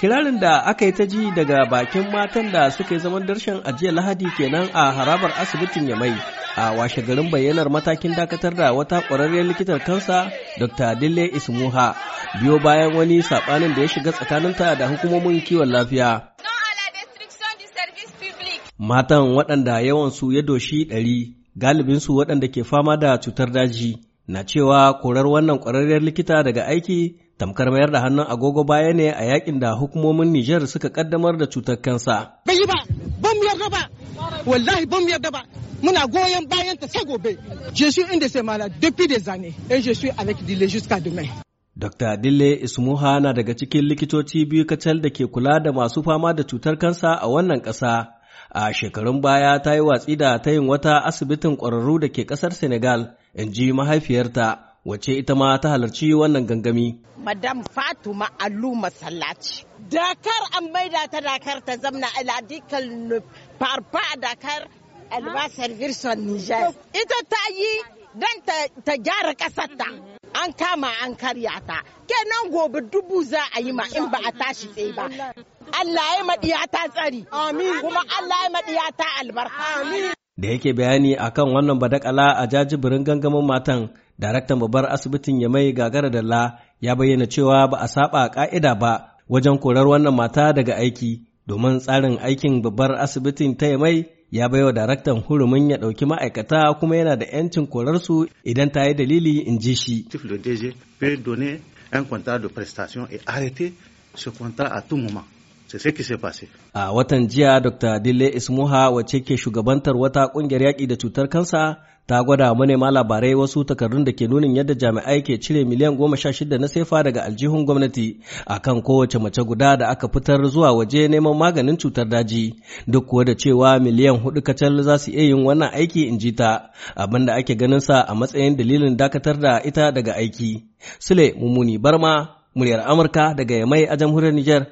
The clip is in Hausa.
Kirarin da aka yi ta ji daga bakin matan da suka yi zaman darshan ajiya lahadi kenan a harabar asibitin ya mai, a washe garin bayyanar matakin dakatar da wata ƙwararriyar likitar kansa Dr. Dille Ismuha biyo bayan wani saɓanin da ya shiga tsakaninta da hukumomin kiwon lafiya. Matan waɗanda yawansu ya doshi ɗari galibinsu waɗanda ke fama da cutar daji na cewa korar wannan ƙwararriyar likita daga aiki tamkar mayar da hannun agogo baya ne a yakin da hukumomin Nijar suka kaddamar da cutar kansa. Bai yi ba, ban yarda ba, wallahi ban yarda ba, muna goyon bayan ta sai gobe. Je inda sai de ces da depuis des années et je suis avec Dile jusqu'à demain. Dr. Dille Ismuha na daga cikin likitoci biyu kacal da ke kula da masu fama da cutar kansa a wannan ƙasa. A shekarun baya ta yi watsi da ta yin wata asibitin ƙwararru da ke ƙasar Senegal, in ji mahaifiyarta. wace ita ma ta halarci wannan gangami. Madam Fatuma Alu Masallaci. Dakar an da ta Dakar ta zamna aladikal farfa a Dakar albasar Virson Niger. Ita ta yi don ta gyara ta. An kama an karya ta. Kenan gobe dubu za a yi ma in ba a tashi tsaye ba. Allah ya maɗiya ta tsari. Amin. Kuma Allah ya maɗiya ta albarka. Amin. da yake bayani a kan wannan badakala a jajibirin gangamin matan daraktan babbar asibitin ya mai gagara la ya bayyana cewa ba a saba ka'ida ba wajen korar wannan mata daga aiki domin tsarin aikin babbar asibitin ta mai ya baiwa daraktan hurumin ya ɗauki ma'aikata kuma yana da 'yancin korarsu idan ta yi dalili in ji shi. A watan jiya Dr. Dille Ismuha wace ke shugabantar wata kungiyar yaƙi da cutar kansa ta gwada manema labarai wasu takardun da ke nunin yadda jami'ai ke cire miliyan goma sha shida na sefa daga aljihun gwamnati a kan kowace mace guda da aka fitar zuwa waje neman maganin cutar daji duk kuwa da cewa miliyan hudu kacal za su iya yin wannan aiki in ji ta da ake ganin sa a matsayin dalilin dakatar da ita daga aiki. Sule Mumuni Barma, muryar Amurka daga Yamai a jamhuriyar Nijar.